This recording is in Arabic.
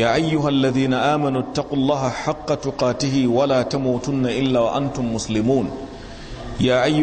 يا أيها الذين آمنوا اتقوا الله حق تقاته ولا تموتن إلا وأنتم مسلمون يا أيها